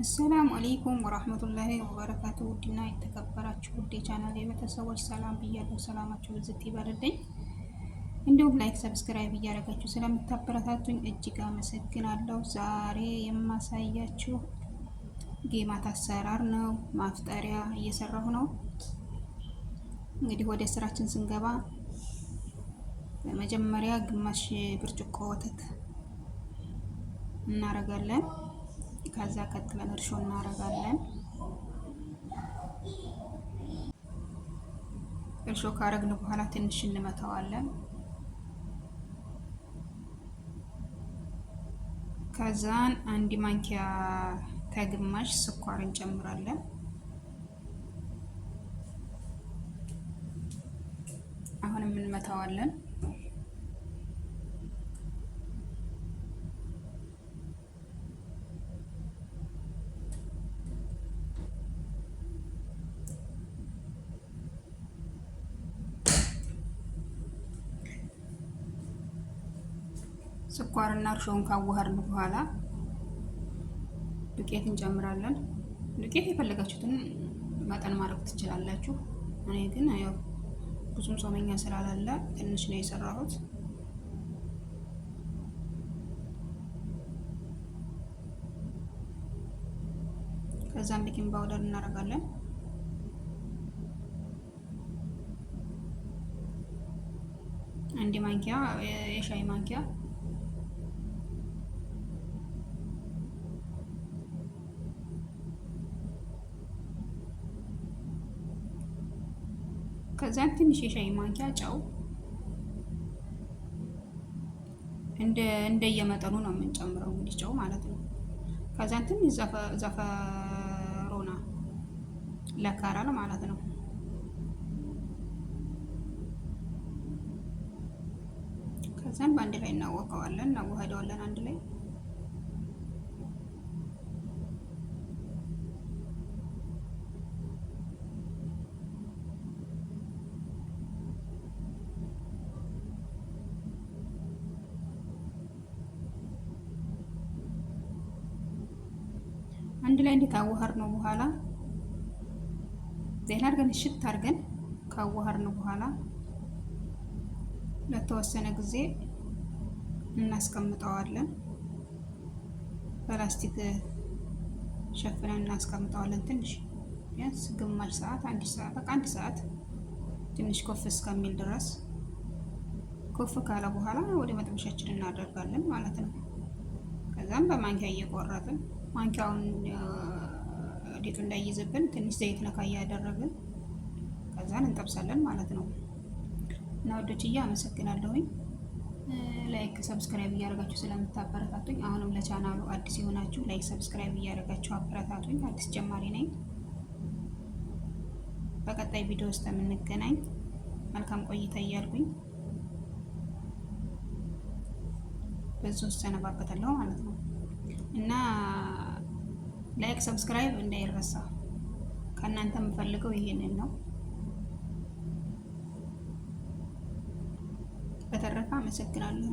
አሰላሙ አሌይኩም ወራህመቱላሂ ወበረካቱ። ውድና የተከበራችሁ ውድ የቻናል የቤተሰቦች ሰላም ብያለሁ። ሰላማችሁ ብዝት ይበልልኝ። እንዲሁም ላይክ፣ ሰብስክራይብ እያደረጋችሁ ስለምታበረታቱኝ እጅግ አመሰግናለሁ። ዛሬ የማሳያችሁ ጌማት አሰራር ነው። ማፍጠሪያ እየሰራሁ ነው። እንግዲህ ወደ ስራችን ስንገባ በመጀመሪያ ግማሽ ብርጭቆ ወተት እናደርጋለን። ከዛ ቀጥለን እርሾ እናረጋለን። እርሾ ካረግን በኋላ ትንሽ እንመተዋለን። ከዛን አንድ ማንኪያ ከግማሽ ስኳር እንጨምራለን። አሁንም እንመታዋለን። ስኳርና እርሾውን ካዋሃርን በኋላ ዱቄት እንጨምራለን። ዱቄት የፈለጋችሁትን መጠን ማድረግ ትችላላችሁ። እኔ ግን ያው ብዙም ጾመኛ ስላላለ ትንሽ ነው የሰራሁት። ከዛም ቤኪንግ ፓውደር እናደርጋለን። አንድ ማንኪያ የሻይ ማንኪያ ከዚያን ትንሽ የሻይ ማንኪያ ጨው እንደ እንደየመጠኑ ነው የምንጨምረው እንግዲህ ጨው ማለት ነው። ከዚያን ትንሽ ዘፈሮና ለካራል ማለት ነው። ከዚያን በአንድ ላይ እናወቀዋለን እናዋህደዋለን አንድ ላይ አንድ ላይ እንዴት አዋሃር ነው በኋላ ዜና አድርገን እሽት አድርገን ካዋሃር ነው በኋላ ለተወሰነ ጊዜ እናስቀምጠዋለን። ፕላስቲክ ሸፍነን እናስቀምጠዋለን። ትንሽ ቢያንስ ግማሽ ሰዓት አንድ ሰዓት በቃ አንድ ሰዓት ትንሽ ኮፍ እስከሚል ድረስ ኮፍ ካለ በኋላ ወደ መጥበሻችን እናደርጋለን ማለት ነው። ከዛም በማንኪያ እየቆረጥን ማንኪያውን ሊጡ እንዳይዝብን ትንሽ ዘይት ነካ እያደረግን ከዛን እንጠብሳለን ማለት ነው። እና ወዶችዬ አመሰግናለሁኝ። ላይክ ሰብስክራይብ እያደረጋችሁ ስለምታበረታቱኝ፣ አሁንም ለቻናሉ አዲስ የሆናችሁ ላይክ ሰብስክራይብ እያደረጋችሁ አበረታቱኝ። አዲስ ጀማሪ ነኝ። በቀጣይ ቪዲዮ ውስጥ የምንገናኝ መልካም ቆይታ እያልኩኝ ውስጥ ያነባበታለሁ ማለት ነው እና ላይክ ሰብስክራይብ እንዳይረሳ። ከእናንተ የምፈልገው ይሄንን ነው። በተረፈ አመሰግናለሁ።